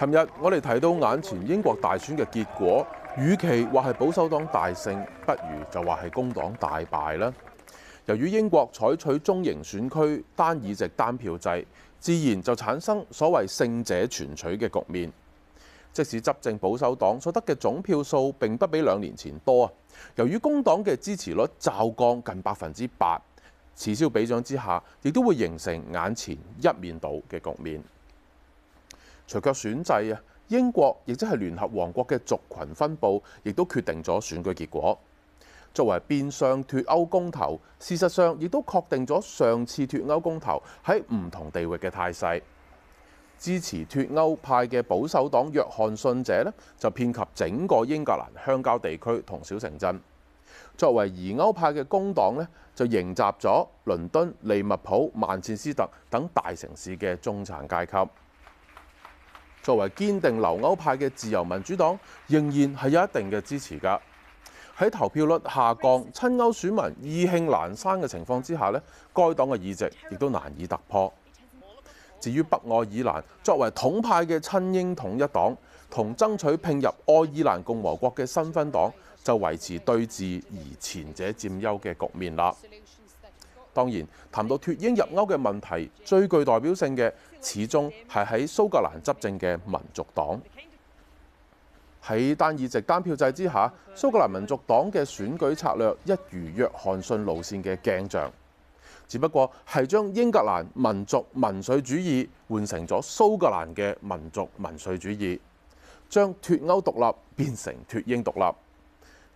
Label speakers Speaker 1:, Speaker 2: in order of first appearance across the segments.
Speaker 1: 昨日我哋提到眼前英國大選嘅結果，與其話係保守黨大勝，不如就話係工黨大敗啦。由於英國採取中型選區單議席單票制，自然就產生所謂勝者全取嘅局面。即使執政保守黨所得嘅總票數並不比兩年前多啊，由於工黨嘅支持率驟降近百分之八，此消彼長之下，亦都會形成眼前一面倒嘅局面。除卻選制啊，英國亦即係聯合王國嘅族群分布，亦都決定咗選舉結果。作為變相脱歐公投，事實上亦都確定咗上次脱歐公投喺唔同地域嘅態勢。支持脱歐派嘅保守黨約翰遜者呢，就遍及整個英格蘭鄉郊地區同小城鎮；作為疑歐派嘅工黨呢，就彙集咗倫敦、利物浦、曼徹斯特等大城市嘅中產階級。作為堅定留歐派嘅自由民主黨，仍然係有一定嘅支持㗎。喺投票率下降、親歐選民意興闌珊嘅情況之下呢，該黨嘅議席亦都難以突破。至於北愛爾蘭作為統派嘅親英統一黨，同爭取併入愛爾蘭共和國嘅新芬黨，就維持對峙，而前者佔優嘅局面啦。當然，談到脱英入歐嘅問題，最具代表性嘅，始終係喺蘇格蘭執政嘅民族黨。喺單議席單票制之下，蘇格蘭民族黨嘅選舉策略，一如約翰遜路線嘅鏡像，只不過係將英格蘭民族民粹，民粹主義換成咗蘇格蘭嘅民族民粹主義，將脱歐獨立變成脱英獨立。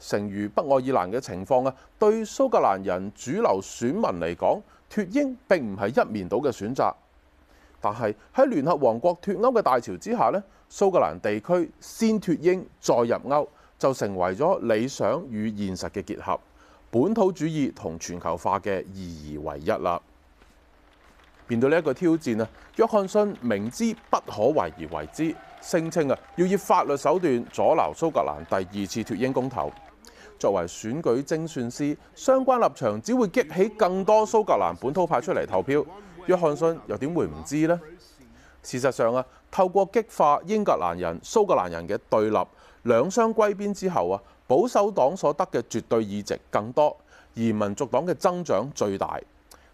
Speaker 1: 誠如北愛爾蘭嘅情況啊，對蘇格蘭人主流選民嚟講，脱英並唔係一面倒嘅選擇。但係喺聯合王國脱歐嘅大潮之下咧，蘇格蘭地區先脱英再入歐就成為咗理想與現實嘅結合，本土主義同全球化嘅二而為一啦。面對呢一個挑戰啊，約翰遜明知不可為而為之，聲稱啊要以法律手段阻撓蘇格蘭第二次脱英公投。作為選舉精算師，相關立場只會激起更多蘇格蘭本土派出嚟投票。約翰遜又點會唔知道呢？事實上啊，透過激化英格蘭人、蘇格蘭人嘅對立，兩相歸邊之後啊，保守黨所得嘅絕對議席更多，而民族黨嘅增長最大。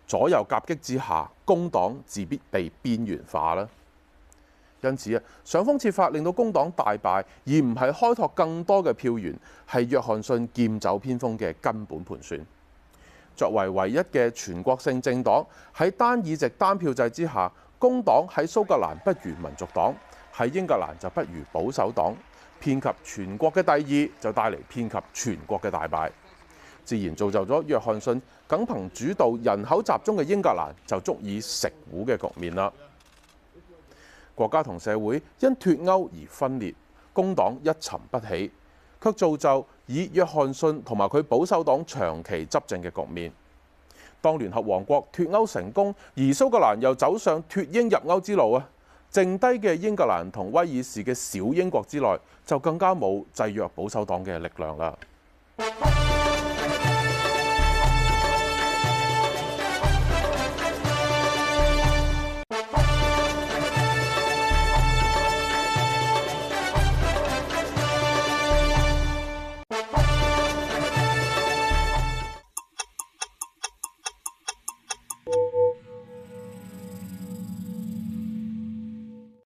Speaker 1: 左右夾擊之下，工黨自必被邊緣化啦。因此啊，想方設法令到工黨大敗，而唔係開拓更多嘅票源，係約翰遜劍走偏鋒嘅根本盤算。作為唯一嘅全國性政黨，喺單議席單票制之下，工黨喺蘇格蘭不如民族黨，喺英格蘭就不如保守黨，遍及全國嘅第二就帶嚟遍及全國嘅大敗，自然造就咗約翰遜僅憑主導人口集中嘅英格蘭就足以食糊嘅局面啦。國家同社會因脱歐而分裂，工黨一沉不起，卻造就以約翰遜同埋佢保守黨長期執政嘅局面。當聯合王國脱歐成功，而蘇格蘭又走上脱英入歐之路啊，剩低嘅英格蘭同威爾士嘅小英國之內就更加冇制約保守黨嘅力量啦。